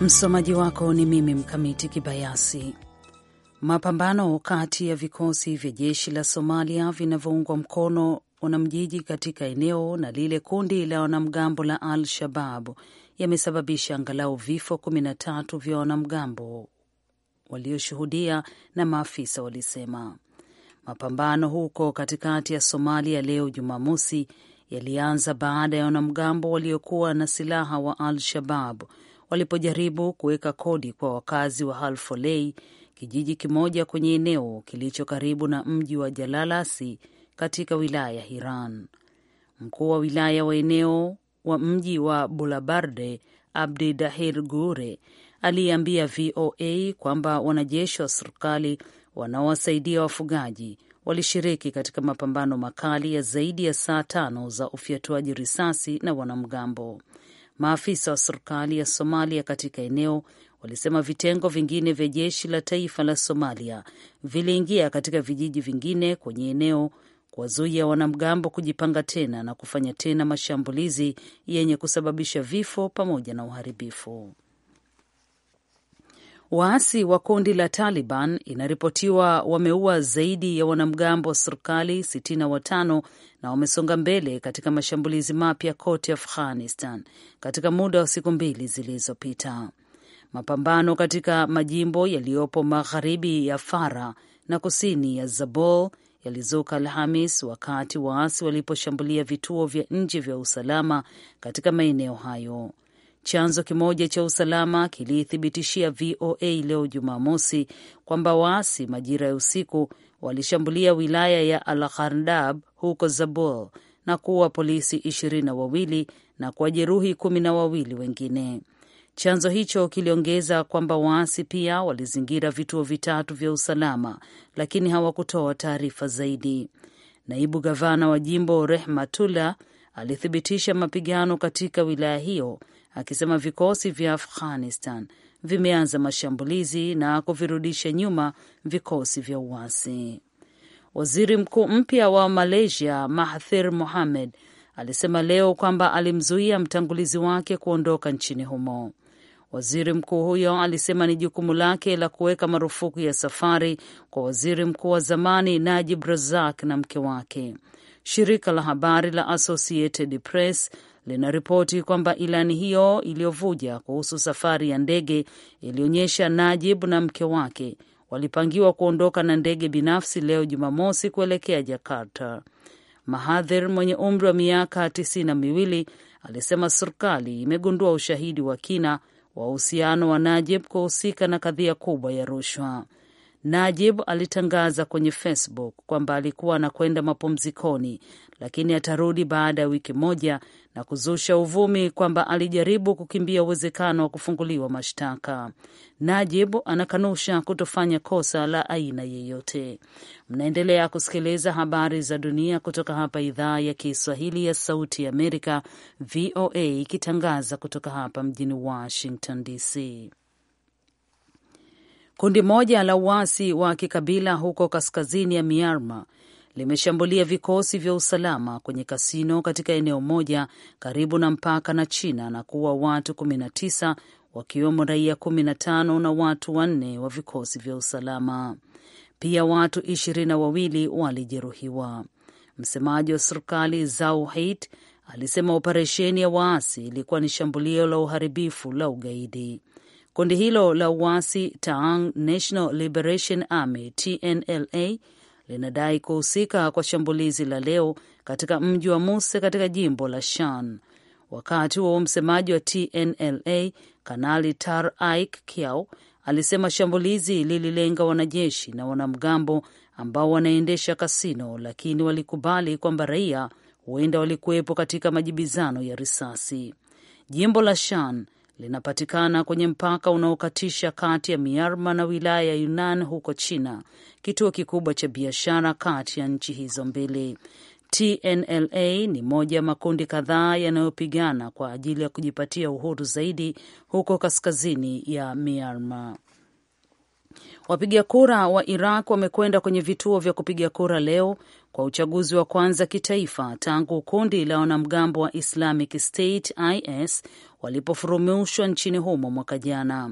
Msomaji wako ni mimi Mkamiti Kibayasi. Mapambano kati ya vikosi vya jeshi la Somalia vinavyoungwa mkono wanamjiji katika eneo na lile kundi la wanamgambo la Al Shabab yamesababisha angalau vifo 13 vya wanamgambo walioshuhudia na maafisa walisema. Mapambano huko katikati ya Somalia leo Jumamosi yalianza baada ya wanamgambo waliokuwa na silaha wa Al Shababu walipojaribu kuweka kodi kwa wakazi wa Halfolei, kijiji kimoja kwenye eneo kilicho karibu na mji wa Jalalasi katika wilaya ya Hiran. Mkuu wa wilaya wa eneo wa mji wa Bulabarde, Abdi Dahir Gure, aliyeambia VOA kwamba wanajeshi wa serikali wanaowasaidia wafugaji walishiriki katika mapambano makali ya zaidi ya saa tano za ufyatuaji risasi na wanamgambo. Maafisa wa serikali ya Somalia katika eneo walisema vitengo vingine vya jeshi la taifa la Somalia viliingia katika vijiji vingine kwenye eneo kuwazuia wanamgambo kujipanga tena na kufanya tena mashambulizi yenye kusababisha vifo pamoja na uharibifu. Waasi wa kundi la Taliban inaripotiwa wameua zaidi ya wanamgambo wa serikali 65 na wamesonga mbele katika mashambulizi mapya kote Afghanistan katika muda wa siku mbili zilizopita. Mapambano katika majimbo yaliyopo magharibi ya Fara na kusini ya Zabul yalizuka Alhamis wakati waasi waliposhambulia vituo vya nje vya usalama katika maeneo hayo. Chanzo kimoja cha usalama kiliithibitishia VOA leo Jumamosi kwamba waasi majira ya usiku walishambulia wilaya ya al khardab huko Zabul na kuua polisi ishirini na wawili na kuwajeruhi kumi na wawili wengine. Chanzo hicho kiliongeza kwamba waasi pia walizingira vituo vitatu vya usalama, lakini hawakutoa taarifa zaidi. Naibu gavana wa jimbo Rehmatullah alithibitisha mapigano katika wilaya hiyo akisema vikosi vya Afghanistan vimeanza mashambulizi na kuvirudisha nyuma vikosi vya uasi. Waziri mkuu mpya wa Malaysia Mahathir Mohamed alisema leo kwamba alimzuia mtangulizi wake kuondoka nchini humo. Waziri mkuu huyo alisema ni jukumu lake la kuweka marufuku ya safari kwa waziri mkuu wa zamani Najib Razak na mke wake. Shirika la habari la Associated Press linaripoti kwamba ilani hiyo iliyovuja kuhusu safari ya ndege ilionyesha Najib na mke wake walipangiwa kuondoka na ndege binafsi leo Jumamosi kuelekea Jakarta. Mahathir mwenye umri wa miaka tisini na miwili alisema serikali imegundua ushahidi wa kina wa uhusiano wa Najib kuhusika na kadhia kubwa ya rushwa. Najib alitangaza kwenye Facebook kwamba alikuwa anakwenda mapumzikoni, lakini atarudi baada ya wiki moja na kuzusha uvumi kwamba alijaribu kukimbia uwezekano wa kufunguliwa mashtaka. Najib anakanusha kutofanya kosa la aina yeyote. Mnaendelea kusikiliza habari za dunia kutoka hapa idhaa ya Kiswahili ya Sauti ya Amerika, VOA, ikitangaza kutoka hapa mjini Washington DC. Kundi moja la uasi wa kikabila huko kaskazini ya Myanmar limeshambulia vikosi vya usalama kwenye kasino katika eneo moja karibu na mpaka na China na kuua watu 19 wakiwemo raia 15 na watu wanne wa vikosi vya usalama. Pia watu ishirini na wawili walijeruhiwa. Msemaji wa serikali Zau hit alisema operesheni ya waasi ilikuwa ni shambulio la uharibifu la ugaidi. Kundi hilo la uasi Taang National Liberation Army TNLA linadai kuhusika kwa shambulizi la leo katika mji wa Muse katika jimbo la Shan. Wakati huo msemaji wa TNLA Kanali Tar Aik Kiao alisema shambulizi lililenga wanajeshi na wanamgambo ambao wanaendesha kasino, lakini walikubali kwamba raia huenda walikuwepo katika majibizano ya risasi. Jimbo la Shan linapatikana kwenye mpaka unaokatisha kati ya Myanmar na wilaya ya Yunnan huko China, kituo kikubwa cha biashara kati ya nchi hizo mbili. TNLA ni moja ya makundi kadhaa yanayopigana kwa ajili ya kujipatia uhuru zaidi huko kaskazini ya Myanmar. Wapiga kura wa Iraq wamekwenda kwenye vituo vya kupiga kura leo kwa uchaguzi wa kwanza kitaifa tangu kundi la wanamgambo wa Islamic State IS walipofurumushwa nchini humo mwaka jana.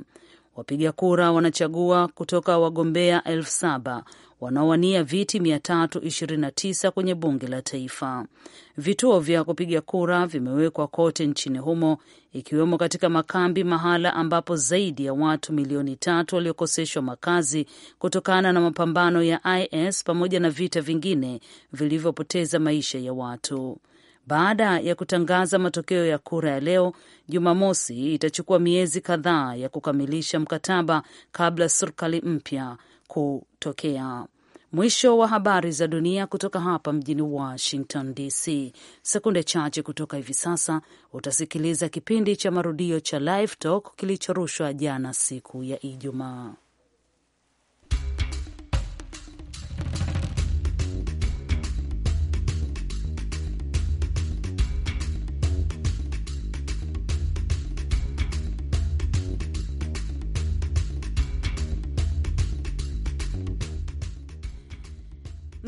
Wapiga kura wanachagua kutoka wagombea elfu saba wanaowania viti 329 kwenye bunge la taifa. Vituo vya kupiga kura vimewekwa kote nchini humo, ikiwemo katika makambi, mahala ambapo zaidi ya watu milioni tatu waliokoseshwa makazi kutokana na mapambano ya IS pamoja na vita vingine vilivyopoteza maisha ya watu. Baada ya kutangaza matokeo ya kura ya leo Jumamosi, itachukua miezi kadhaa ya kukamilisha mkataba kabla serikali mpya kutokea. Mwisho wa habari za dunia kutoka hapa mjini Washington DC. Sekunde chache kutoka hivi sasa utasikiliza kipindi cha marudio cha Live Talk kilichorushwa jana siku ya Ijumaa.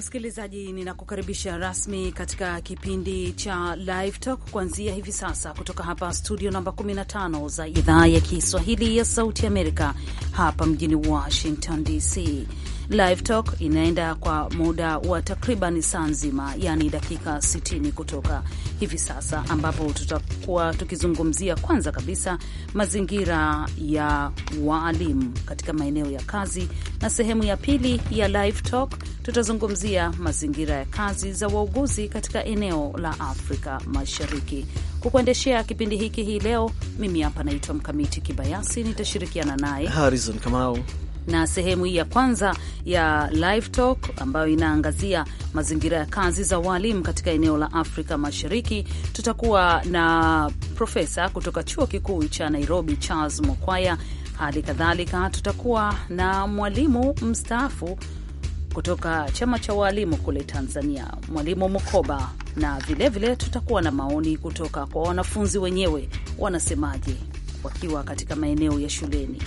Msikilizaji, ninakukaribisha rasmi katika kipindi cha Live Talk kuanzia hivi sasa kutoka hapa studio namba 15 za idhaa ya Kiswahili ya Sauti Amerika hapa mjini Washington DC. Live Talk inaenda kwa muda wa takriban saa nzima, yani dakika 60 kutoka hivi sasa, ambapo tutakuwa tukizungumzia kwanza kabisa mazingira ya waalimu katika maeneo ya kazi, na sehemu ya pili ya Live Talk tutazungumzia mazingira ya kazi za wauguzi katika eneo la Afrika Mashariki. Kukuendeshea kipindi hiki hii leo, mimi hapa naitwa Mkamiti Kibayasi, nitashirikiana naye Harrison Kamau na sehemu hii ya kwanza ya Live Talk ambayo inaangazia mazingira ya kazi za waalimu katika eneo la Afrika Mashariki. Tutakuwa na profesa kutoka chuo kikuu cha Nairobi, Charles Mokwaya. Hali kadhalika tutakuwa na mwalimu mstaafu kutoka chama cha waalimu kule Tanzania, mwalimu Mkoba, na vilevile vile tutakuwa na maoni kutoka kwa wanafunzi wenyewe, wanasemaje wakiwa katika maeneo ya shuleni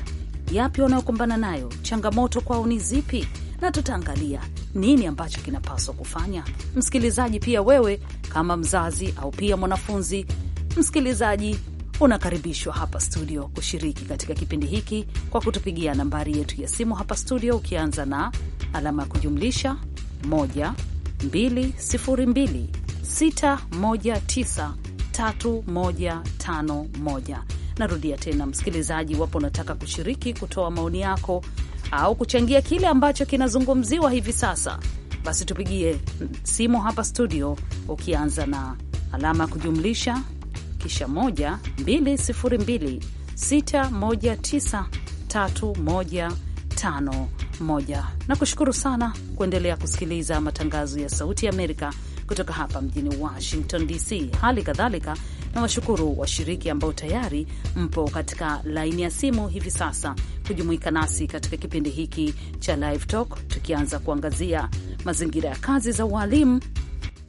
yapi wanayokumbana nayo, changamoto kwao ni zipi, na tutaangalia nini ambacho kinapaswa kufanya. Msikilizaji, pia wewe kama mzazi au pia mwanafunzi msikilizaji unakaribishwa hapa studio kushiriki katika kipindi hiki kwa kutupigia nambari yetu ya simu hapa studio, ukianza na alama ya kujumlisha 12026193151 Narudia tena, msikilizaji, wapo unataka kushiriki, kutoa maoni yako au kuchangia kile ambacho kinazungumziwa hivi sasa, basi tupigie simu hapa studio, ukianza na alama ya kujumlisha kisha 1 202 619 3151. Na kushukuru sana kuendelea kusikiliza matangazo ya Sauti ya Amerika kutoka hapa mjini Washington DC. Hali kadhalika na washukuru washiriki ambao tayari mpo katika laini ya simu hivi sasa kujumuika nasi katika kipindi hiki cha Live Talk, tukianza kuangazia mazingira ya kazi za walimu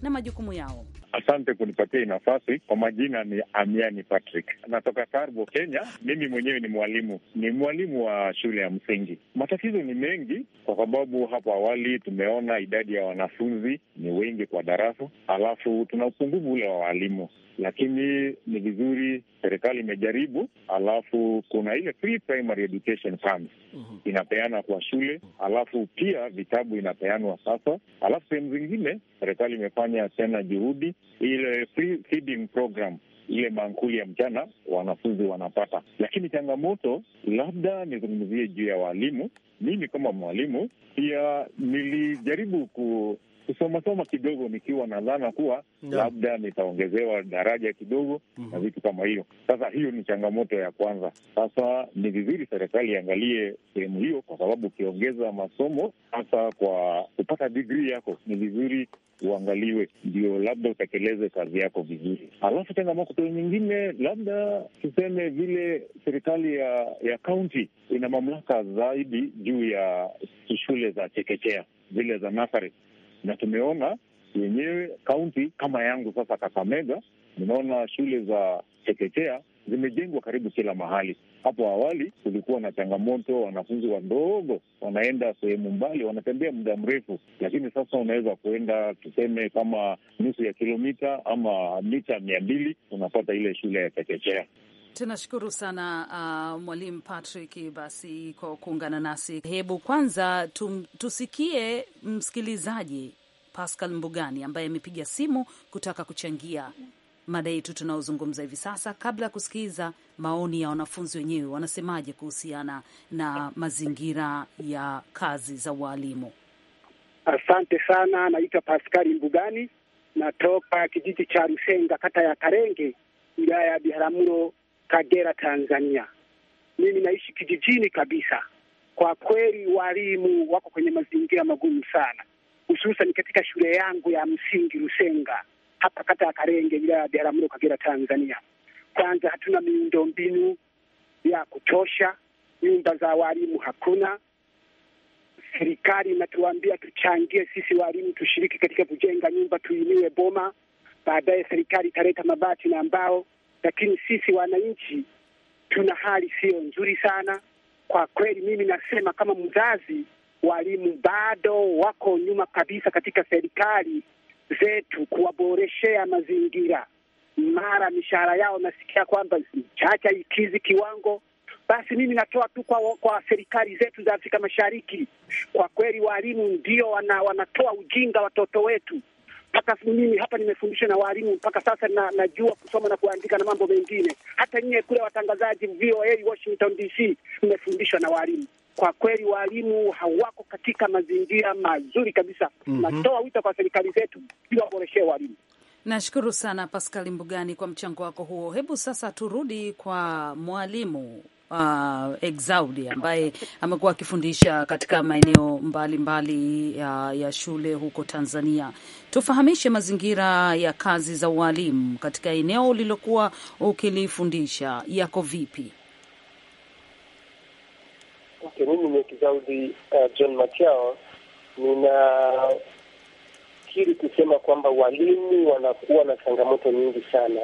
na majukumu yao. Asante kunipatia hii nafasi. Kwa majina ni Amiani Patrick, natoka Karbo, Kenya. Mimi mwenyewe ni mwalimu, ni mwalimu wa shule ya msingi. Matatizo ni mengi, kwa sababu hapo awali tumeona idadi ya wanafunzi ni wengi kwa darasa, alafu tuna upungufu ule wa walimu lakini ni vizuri serikali imejaribu. Alafu kuna ile free primary education fund mhm. inapeana kwa shule, alafu pia vitabu inapeanwa sasa. Alafu sehemu zingine serikali imefanya tena juhudi ile free feeding program ile mankuli ya mchana wanafunzi wanapata, lakini changamoto labda nizungumzie juu ya waalimu. Mimi kama mwalimu pia nilijaribu ku kusomasoma kidogo, nikiwa na dhana kuwa yeah, labda nitaongezewa daraja kidogo mm -hmm, na mm-hmm. vitu kama hiyo. Sasa hiyo ni changamoto ya kwanza. Sasa ni vizuri serikali iangalie sehemu hiyo, kwa sababu ukiongeza masomo hasa kwa kupata digrii yako, ni vizuri uangaliwe, ndio labda utekeleze kazi yako vizuri. Alafu changamoto nyingine, labda tuseme vile serikali ya ya kaunti ina mamlaka zaidi juu ya shule za chekechea zile za nasari na tumeona yenyewe kaunti kama yangu sasa Kakamega, nimeona shule za chekechea zimejengwa karibu kila mahali. Hapo awali kulikuwa na changamoto, wanafunzi wadogo wanaenda sehemu mbali, wanatembea muda mrefu, lakini sasa unaweza kuenda tuseme kama nusu ya kilomita ama mita mia mbili unapata ile shule ya chekechea. Tunashukuru sana uh, Mwalimu Patrick basi kwa kuungana nasi. Hebu kwanza tum, tusikie msikilizaji Pascal Mbugani ambaye amepiga simu kutaka kuchangia mada yetu tunaozungumza hivi sasa, kabla ya kusikiliza maoni ya wanafunzi wenyewe wanasemaje kuhusiana na mazingira ya kazi za uwalimu Asante sana, naitwa Paskali Mbugani, natoka kijiji cha Rusenga, kata ya Karenge, wilaya ya Biharamulo, Kagera, Tanzania. Mimi naishi kijijini kabisa. Kwa kweli, walimu wako kwenye mazingira magumu sana, hususan katika shule yangu ya msingi Rusenga, hapa kata ya Karenge, wilaya ya Biharamulo, Kagera, Tanzania. Kwanza hatuna miundombinu ya kutosha, nyumba za walimu hakuna. Serikali inatuambia tuchangie sisi walimu, tushiriki katika kujenga nyumba, tuinue boma, baadaye serikali italeta mabati na mbao lakini sisi wananchi tuna hali siyo nzuri sana kwa kweli. Mimi nasema kama mzazi, walimu bado wako nyuma kabisa katika serikali zetu kuwaboreshea mazingira. Mara mishahara yao nasikia kwamba chacha ikizi kiwango basi mimi natoa tu kwa, kwa serikali zetu za Afrika Mashariki. Kwa kweli walimu ndio wana, wanatoa ujinga watoto wetu mpaka mimi hapa nimefundishwa na walimu mpaka sasa na, najua kusoma na kuandika na mambo mengine. Hata nyie kule watangazaji VOA Washington DC mmefundishwa na walimu. Kwa kweli walimu hawako katika mazingira mazuri kabisa. Mhm. Natoa mm -hmm. wito kwa serikali zetu iwaboreshee walimu. Nashukuru sana Paskali Mbugani kwa mchango wako huo. Hebu sasa turudi kwa mwalimu uh, Exaudi ambaye amekuwa akifundisha katika maeneo mbalimbali ya, ya shule huko Tanzania. Tufahamishe mazingira ya kazi za ualimu katika eneo ulilokuwa ukilifundisha yako vipi? Okay, mimi ni Exaudi uh, John Machao nina kusema kwamba walimu wanakuwa na changamoto nyingi sana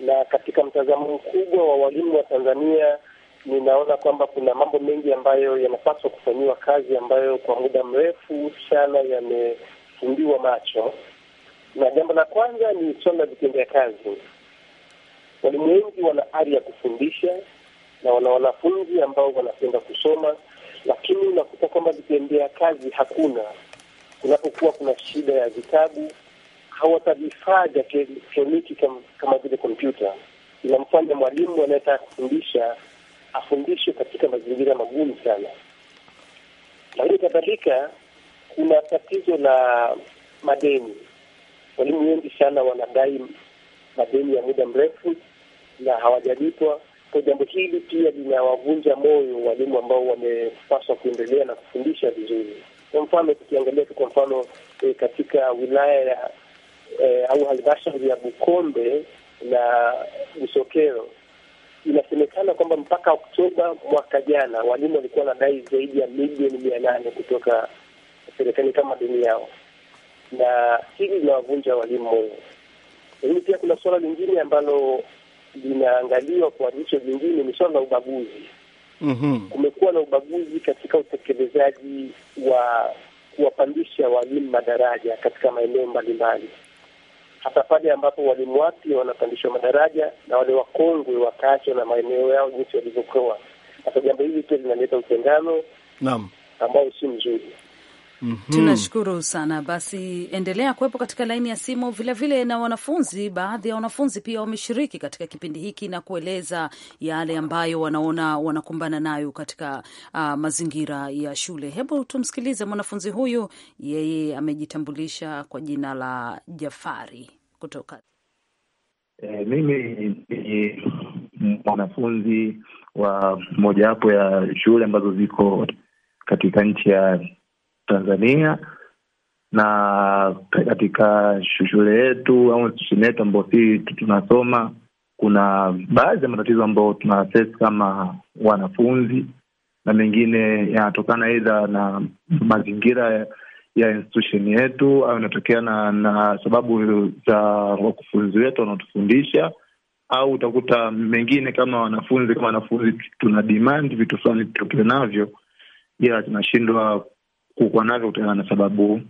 na katika mtazamo mkubwa wa walimu wa Tanzania ninaona kwamba kuna mambo mengi ambayo yanapaswa kufanyiwa kazi ambayo kwa muda mrefu sana yamefumbiwa macho, na jambo la kwanza ni swala la vitendea kazi. Walimu wengi wana ari ya kufundisha na wana wanafunzi ambao wanapenda kusoma, lakini unakuta kwamba vitendea kazi hakuna. Kunapokuwa kuna shida ya vitabu hawata vifaa vya elektroniki kama vile kompyuta. Inamfanya mwalimu anayetaka kufundisha afundishwe katika mazingira magumu sana. Lakini kadhalika, kuna tatizo la madeni. Walimu wengi sana wanadai madeni ya muda mrefu na hawajalipwa. Kwa jambo hili pia linawavunja moyo walimu ambao wamepaswa kuendelea na kufundisha vizuri. Kwa mfano tukiangalia tu kwa mfano e, katika wilaya ya eh, au halmashauri ya Bukombe na Busokero inasemekana kwamba mpaka Oktoba mwaka jana walimu walikuwa na dai zaidi ya milioni mia nane kutoka serikali kama dini yao, na hili linawavunja walimu moyo. Lakini pia kuna suala lingine ambalo linaangaliwa kwa jicho lingine, ni suala la ubaguzi. mm -hmm. Kumekuwa na ubaguzi katika utekelezaji wa kuwapandisha walimu madaraja katika maeneo mbalimbali hasa pale ambapo walimu wapya wanapandishwa madaraja na wale wakongwe wakaachwa na maeneo yao jinsi walivyokoa. Sasa jambo hili pia linaleta utengano naam, ambao si mzuri. Mm -hmm. Tunashukuru sana basi, endelea kuwepo katika laini ya simu vilevile vile, na wanafunzi, baadhi ya wanafunzi pia wameshiriki katika kipindi hiki na kueleza yale ambayo wanaona wanakumbana nayo katika uh, mazingira ya shule. Hebu tumsikilize mwanafunzi huyu, yeye amejitambulisha kwa jina la Jafari kutoka e, mimi ni mwanafunzi wa mojawapo ya shule ambazo ziko katika nchi ya Tanzania na katika shule yetu au institusheni yetu ambayo tunasoma, kuna baadhi ya matatizo ambayo tunaases kama wanafunzi, na mengine yanatokana aidha na mazingira ya institution yetu au inatokea na, na sababu za wakufunzi wetu wanaotufundisha, au utakuta mengine kama wanafunzi kama wanafunzi tuna demand vitu fulani tutokee navyo, ila tunashindwa kukuwa navyo kutokana na sababu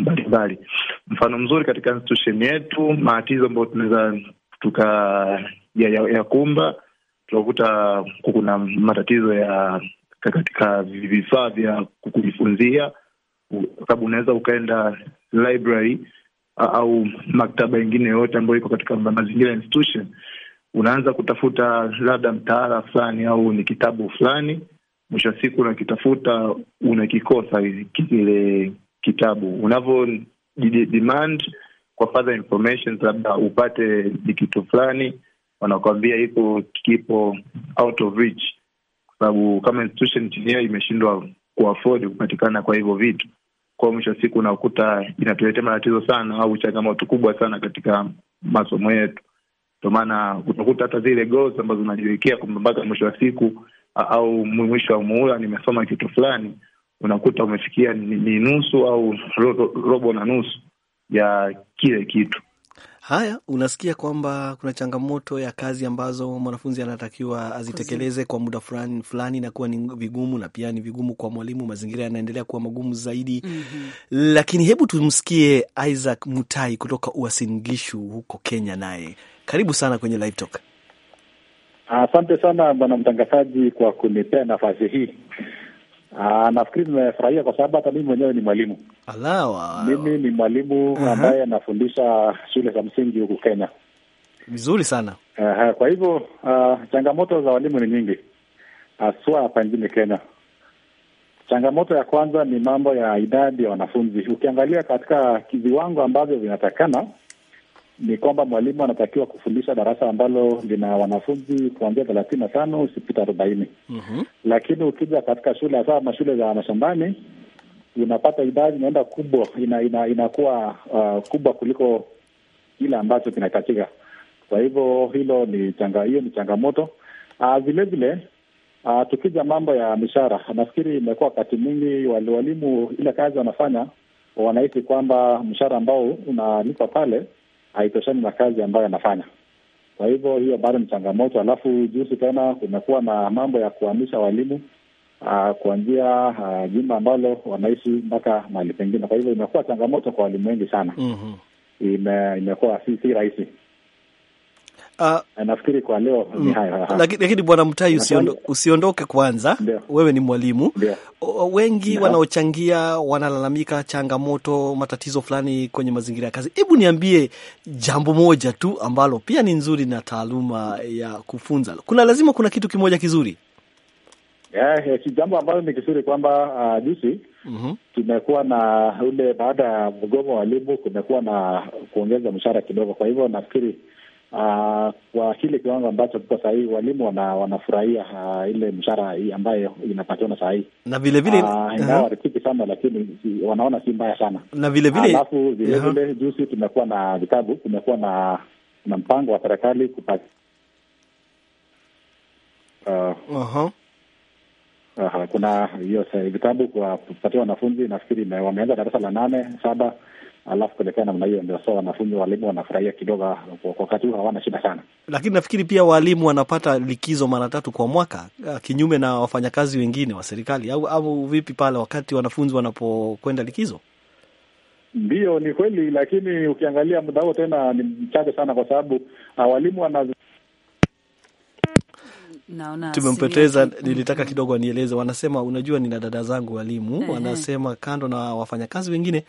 mbalimbali. Mfano mzuri katika institution yetu, matatizo ambayo tunaweza tuka ya, ya, ya kumba tunakuta kuna matatizo ya katika vifaa vya kujifunzia, sababu unaweza ukaenda library au maktaba ingine yoyote ambayo iko katika mazingira ya institution, unaanza kutafuta labda mtaala fulani au ni kitabu fulani mwisho wa siku unakitafuta unakikosa kile kitabu unavyo demand kwa further information, labda upate kitu fulani, wanakuambia iko kipo out of reach, kwa sababu kama institution chenyewe imeshindwa kuafford kupatikana kwa hivyo vitu. kwao mwisho wa siku unakuta inatuletea matatizo sana au changamoto kubwa sana katika masomo yetu. Ndio maana utakuta hata zile goals ambazo unajiwekea kwamba mpaka mwisho wa siku au mwisho wa muhula nimesoma kitu fulani, unakuta umefikia ni, ni nusu au ro, ro, robo na nusu ya kile kitu. Haya, unasikia kwamba kuna changamoto ya kazi ambazo mwanafunzi anatakiwa azitekeleze kwa muda fulani fulani, inakuwa ni vigumu, na pia ni vigumu kwa mwalimu, mazingira yanaendelea kuwa magumu zaidi. mm -hmm. Lakini hebu tumsikie Isaac Mutai kutoka Uasin Gishu huko Kenya, naye karibu sana kwenye Live Talk. Asante sana bwana mtangazaji kwa kunipea nafasi hii. Ah, nafikiri nimefurahia kwa sababu hata mimi mwenyewe ni mwalimu. Mimi ni mwalimu ambaye anafundisha shule za msingi huku Kenya. Vizuri sana. Uh, kwa hivyo uh, changamoto za walimu ni nyingi haswa hapa nchini Kenya. Changamoto ya kwanza ni mambo ya idadi ya wanafunzi. Ukiangalia katika viwango ambavyo vinatakana ni kwamba mwalimu anatakiwa kufundisha darasa ambalo lina wanafunzi kuanzia thelathini na tano usipita arobaini. mm -hmm. Lakini ukija katika shule hasa mashule za mashambani unapata idadi inaenda kubwa, ina, ina, inakuwa uh, kubwa kuliko kile ambacho kinahitajika. Kwa hivyo hilo ni changa, hiyo ni changamoto vilevile. Ah, uh, ah, uh, tukija mambo ya mishahara, nafikiri imekuwa wakati mwingi waliwalimu ile kazi wanafanya wanahisi kwamba mshahara ambao unalipwa pale haitoshani na kazi ambayo anafanya. Kwa hivyo hiyo bado ni changamoto. Alafu juzi tena kumekuwa na mambo ya kuhamisha walimu ah, kuanzia ah, jumba ambalo wanaishi mpaka mahali pengine. Kwa hivyo imekuwa changamoto kwa walimu wengi sana. mm -hmm. Ime, imekuwa si, si rahisi uh, nafikiri kwa leo ni mm. hayo. Lakini bwana Mtai, usiondoke kwanza Deo. Wewe ni mwalimu Deo. Wengi wanaochangia wanalalamika changamoto, matatizo fulani kwenye mazingira ya kazi. Hebu niambie jambo moja tu ambalo pia ni nzuri na taaluma ya kufunza, kuna lazima kuna kitu kimoja kizuri Yeah, eh, jambo ambalo ni kizuri kwamba uh, juzi mm -hmm. tumekuwa na ule baada ya mgomo wa walimu kumekuwa na kuongeza mshahara kidogo. Kwa hivyo nafikiri Ah, kwa kile kiwango ambacho kiko sahii walimu wana, wanafurahia uh, ile mshahara ambayo inapatiana sahii na vilevile ah, ingawa uh, warifiki sana lakini si, wanaona si mbaya sana na vilevile alafu vilevile juzi tumekuwa na vitabu, tumekuwa na na mpango wa serikali kupata uh, uh-huh. uh, kuna hiyo eh, vitabu kwa kupatia wanafunzi, nafikiri wameanza darasa la nane saba alafu kuelekea namna hiyo ndio sasa wanafunzi walimu wanafurahia kidogo, wakati huu hawana shida sana. Lakini nafikiri pia walimu wanapata likizo mara tatu kwa mwaka, uh, kinyume na wafanyakazi wengine wa serikali, au au vipi pale wakati wanafunzi wanapokwenda likizo? Ndiyo, ni kweli, lakini ukiangalia muda huo tena ni mchache sana, kwa sababu uh, walimu wana tumempoteza. Nilitaka kidogo anieleze, wanasema unajua, nina dada zangu walimu, wanasema kando na wafanyakazi wengine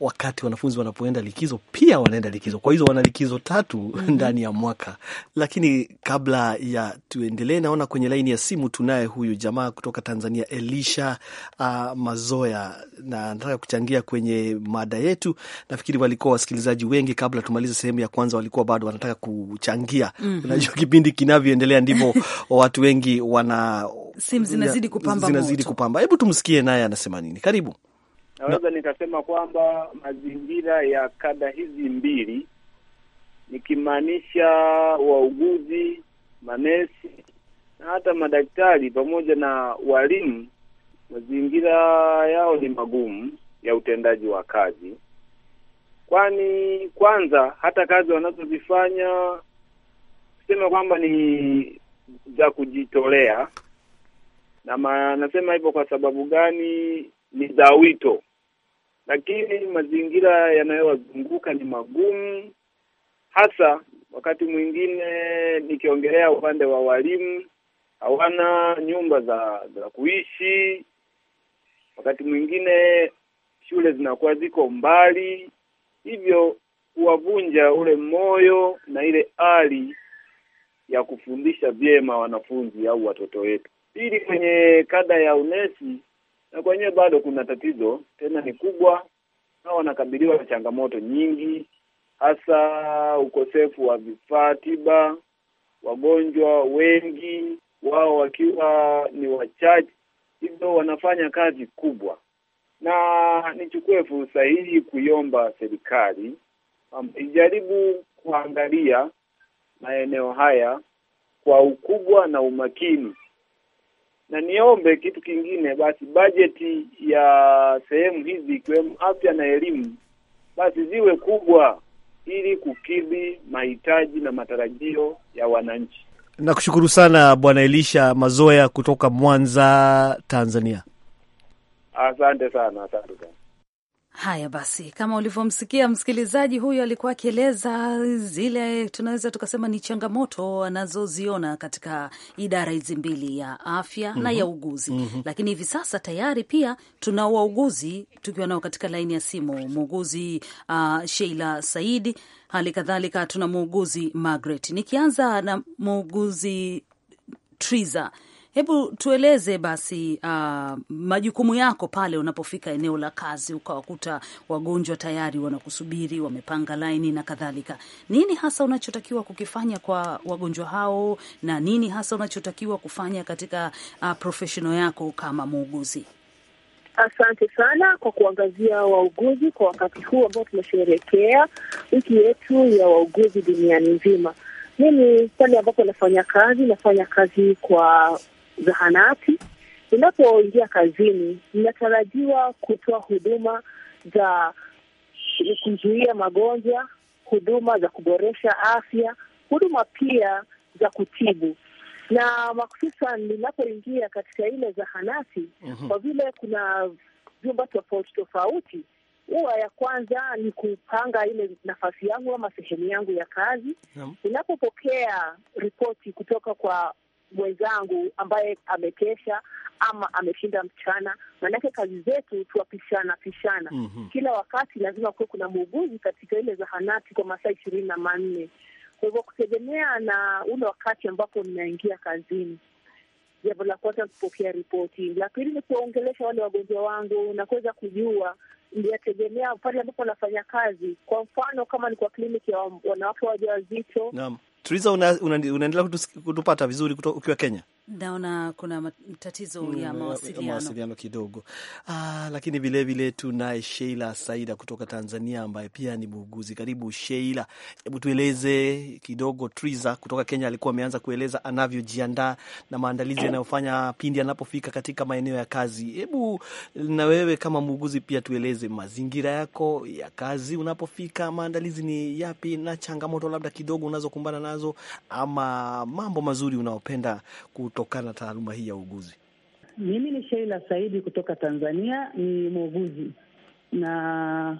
wakati wanafunzi wanapoenda likizo pia wanaenda likizo. Kwa hizo wana likizo tatu mm -hmm. ndani ya mwaka. Lakini kabla ya tuendelee, naona kwenye laini ya simu tunaye huyu jamaa kutoka Tanzania, Elisha uh, Mazoya, na nataka kuchangia kwenye mada yetu. Nafikiri walikuwa wasikilizaji wengi, kabla tumalize sehemu ya kwanza, walikuwa bado wanataka kuchangia. mm -hmm. Unajua kipindi kinavyoendelea ndivyo watu wengi wana simu zinazidi kupamba, zinazidi kupamba. Hebu tumsikie naye anasema nini. Karibu naweza no. nikasema kwamba mazingira ya kada hizi mbili nikimaanisha wauguzi, manesi na hata madaktari pamoja na walimu, mazingira yao ni magumu ya utendaji wa kazi, kwani kwanza hata kazi wanazozifanya sema kwamba ni za kujitolea, na nasema hivyo kwa sababu gani? Ni za wito lakini mazingira yanayowazunguka ni magumu, hasa wakati mwingine, nikiongelea upande wa walimu, hawana nyumba za za kuishi. Wakati mwingine shule zinakuwa ziko mbali, hivyo kuwavunja ule moyo na ile ari ya kufundisha vyema wanafunzi au watoto wetu. Pili, kwenye kada ya unesi na kwenyewe bado kuna tatizo, tena ni kubwa, na wanakabiliwa na changamoto nyingi, hasa ukosefu wa vifaa tiba, wagonjwa wengi wao wakiwa ni wachache, hivyo wanafanya kazi kubwa. Na nichukue fursa hii kuiomba serikali ijaribu kuangalia maeneo haya kwa ukubwa na umakini na niombe kitu kingine, basi bajeti ya sehemu hizi ikiwemo afya na elimu, basi ziwe kubwa ili kukidhi mahitaji na matarajio ya wananchi. Nakushukuru sana Bwana Elisha Mazoya kutoka Mwanza, Tanzania. Asante sana, asante sana. Haya basi, kama ulivyomsikia msikilizaji huyo, alikuwa akieleza zile tunaweza tukasema ni changamoto anazoziona katika idara hizi mbili ya afya mm -hmm. na ya mhm. uguzi mm -hmm. Lakini hivi sasa tayari pia tuna wauguzi tukiwa nao katika laini ya simu, muuguzi uh, Sheila Saidi, hali kadhalika tuna muuguzi Margaret. Nikianza na muuguzi Triza Hebu tueleze basi, uh, majukumu yako pale unapofika eneo la kazi ukawakuta wagonjwa tayari wanakusubiri, wamepanga laini na kadhalika. Nini hasa unachotakiwa kukifanya kwa wagonjwa hao na nini hasa unachotakiwa kufanya katika uh, professional yako kama muuguzi? Asante sana kwa kuangazia wauguzi kwa wakati huu ambao tunasherehekea wiki yetu ya wauguzi duniani nzima. Mimi pale ambapo nafanya kazi, nafanya kazi kwa zahanati. Unapoingia kazini, inatarajiwa kutoa huduma za kuzuia magonjwa, huduma za kuboresha afya, huduma pia za kutibu na mahususan ninapoingia katika ile zahanati mm -hmm. Kwa vile kuna vyumba tofauti tofauti, huwa ya kwanza ni kupanga ile nafasi yangu ama sehemu yangu ya kazi. Ninapopokea mm -hmm. ripoti kutoka kwa mwenzangu ambaye amekesha ama ameshinda mchana, maanake kazi zetu tuwapishana pishana. mm -hmm. Kila wakati lazima kuwe kuna muuguzi katika ile zahanati kwa masaa ishirini na manne. Kwa hivyo kutegemea na ule wakati ambapo ninaingia kazini Jambo la kwanza kupokea ripoti, la pili ni kuwaongelesha wale wagonjwa wangu na kuweza kujua, niyategemea pale ambapo wanafanya kazi. Kwa mfano, kama ni kwa kliniki ya wanawake waja wazito, Tuliza, unaendelea una, una kutupata vizuri kuto, ukiwa Kenya? Naona kuna tatizo mm, ya mawasiliano, mawasiliano kidogo. Ah, lakini vilevile tunaye Sheila Saida kutoka Tanzania ambaye pia ni muuguzi. Karibu Sheila, hebu tueleze kidogo. Triza kutoka Kenya alikuwa ameanza kueleza anavyojiandaa na maandalizi yanayofanya pindi anapofika katika maeneo ya kazi. Hebu na wewe kama muuguzi pia tueleze mazingira yako ya kazi unapofika, maandalizi ni yapi na changamoto labda kidogo unazokumbana nazo, ama mambo mazuri unaopenda kutokana na taaluma hii ya uuguzi? Mimi ni Sheila Saidi kutoka Tanzania, ni muuguzi na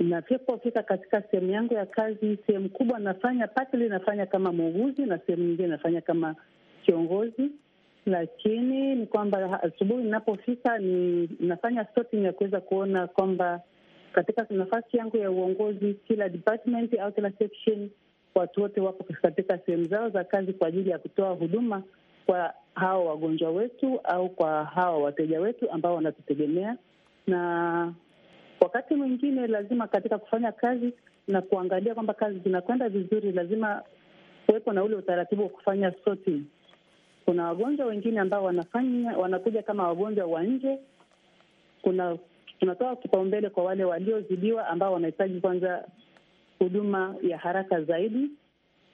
napopofika katika sehemu yangu ya kazi, sehemu kubwa nafanya patili, nafanya kama muuguzi na sehemu nyingine nafanya kama kiongozi, lakini ni kwamba asubuhi ninapofika ni nafanya sorting ya kuweza kuona kwamba katika nafasi yangu ya uongozi, kila department au kila section, watu wote wapo katika sehemu zao za kazi kwa ajili ya kutoa huduma kwa hawa wagonjwa wetu au kwa hawa wateja wetu ambao wanatutegemea. Na wakati mwingine lazima katika kufanya kazi na kuangalia kwamba kazi zinakwenda vizuri, lazima kuwepo na ule utaratibu wa kufanya sorting. Kuna wagonjwa wengine ambao wanafanya wanakuja kama wagonjwa wa nje. Kuna tunatoa kipaumbele kwa wale waliozidiwa ambao wanahitaji kwanza huduma ya haraka zaidi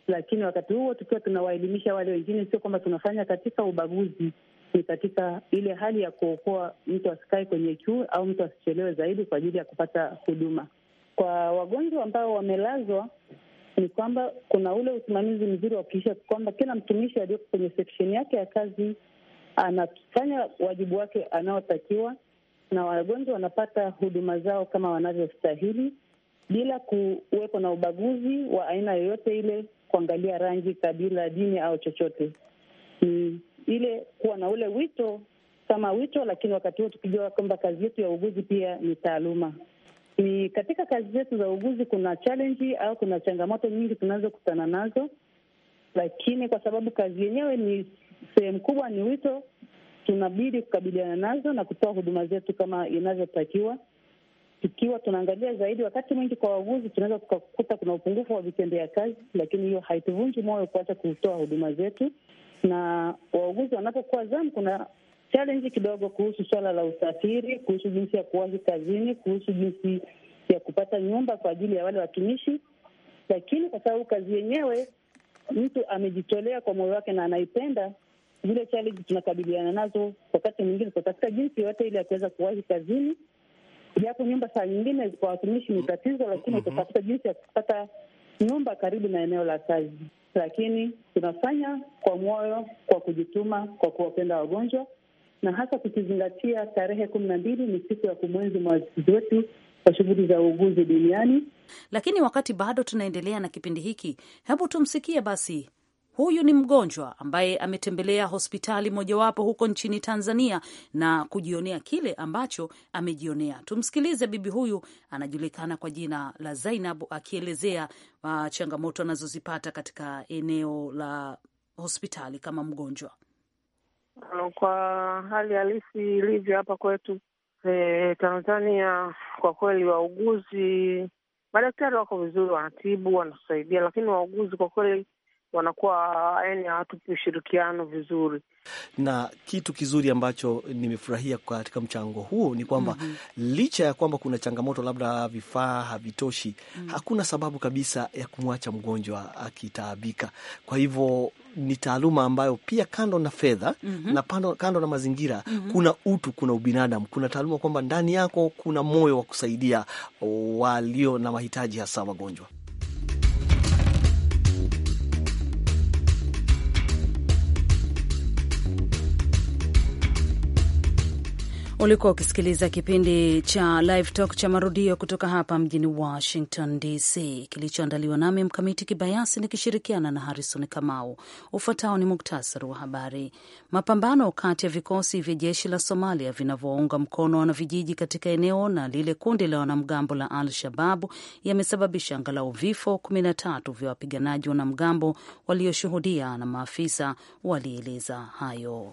lakini wakati huo tukiwa tunawaelimisha wale wengine, sio kwamba tunafanya katika ubaguzi, ni katika ile hali ya kuokoa mtu asikae kwenye kiu au mtu asichelewe zaidi kwa ajili ya kupata huduma. Kwa wagonjwa ambao wamelazwa ni kwamba kuna ule usimamizi mzuri wa kuhakikisha kwamba kila mtumishi aliyoko kwenye seksheni yake ya kazi anafanya wajibu wake anaotakiwa, na wagonjwa wanapata huduma zao kama wanavyostahili bila kuwepo na ubaguzi wa aina yoyote ile kuangalia rangi, kabila, dini au chochote. Ni ile kuwa na ule wito kama wito, lakini wakati huo tukijua kwamba kazi yetu ya uuguzi pia ni taaluma. Ni katika kazi zetu za uuguzi kuna challenge au kuna changamoto nyingi tunazokutana nazo, lakini kwa sababu kazi yenyewe ni sehemu kubwa ni wito, tunabidi kukabiliana nazo na kutoa huduma zetu kama inavyotakiwa tukiwa tunaangalia zaidi, wakati mwingi kwa wauguzi tunaweza tukakuta kuna upungufu wa vitendea kazi, lakini hiyo haituvunji moyo kuacha kutoa huduma zetu. Na wauguzi wanapokuwa zamu, kuna challenge kidogo kuhusu swala la usafiri, kuhusu jinsi ya kuwahi kazini, kuhusu jinsi ya kupata nyumba kwa ajili ya wale watumishi, lakini kwa sababu kazi yenyewe mtu amejitolea kwa moyo wake na anaipenda, zile challenge tunakabiliana nazo wakati mwingine kwa katika jinsi yoyote ile ya kuweza kuwahi kazini japo nyumba saa nyingine kwa watumishi ni tatizo, lakini mm -hmm. tutafuta jinsi ya kupata nyumba karibu na eneo la kazi, lakini tunafanya kwa moyo, kwa kujituma, kwa kuwapenda wagonjwa na hasa tukizingatia tarehe kumi na mbili ni siku ya kumwenzi mwasisi wetu kwa shughuli za uuguzi duniani. Lakini wakati bado tunaendelea na kipindi hiki, hebu tumsikie basi Huyu ni mgonjwa ambaye ametembelea hospitali mojawapo huko nchini Tanzania na kujionea kile ambacho amejionea. Tumsikilize bibi huyu, anajulikana kwa jina la Zainab, akielezea uh, changamoto anazozipata katika eneo la hospitali kama mgonjwa. Uh, kwa hali halisi ilivyo hapa kwetu e, Tanzania, kwa kweli wauguzi, madaktari wako vizuri, wanatibu, wanatusaidia, lakini wauguzi kwa kweli wanakuwa yani hawatupi ushirikiano vizuri. Na kitu kizuri ambacho nimefurahia katika mchango huo ni kwamba mm -hmm. licha ya kwamba kuna changamoto labda vifaa havitoshi mm -hmm. hakuna sababu kabisa ya kumwacha mgonjwa akitaabika. Kwa hivyo ni taaluma ambayo pia kando na fedha mm -hmm. na pando, kando na mazingira mm -hmm. kuna utu, kuna ubinadamu, kuna taaluma kwamba ndani yako kuna moyo wa kusaidia walio na mahitaji hasa wagonjwa. Ulikuwa ukisikiliza kipindi cha Live Talk cha marudio kutoka hapa mjini Washington DC, kilichoandaliwa nami Mkamiti Kibayasi nikishirikiana na Harrison Kamau. Ufuatao ni muktasari wa habari. Mapambano kati ya vikosi vya jeshi la Somalia vinavyounga mkono wanavijiji katika eneo na lile kundi la wanamgambo la Al Shababu yamesababisha angalau vifo 13 vya wapiganaji wanamgambo walioshuhudia, na maafisa walieleza hayo.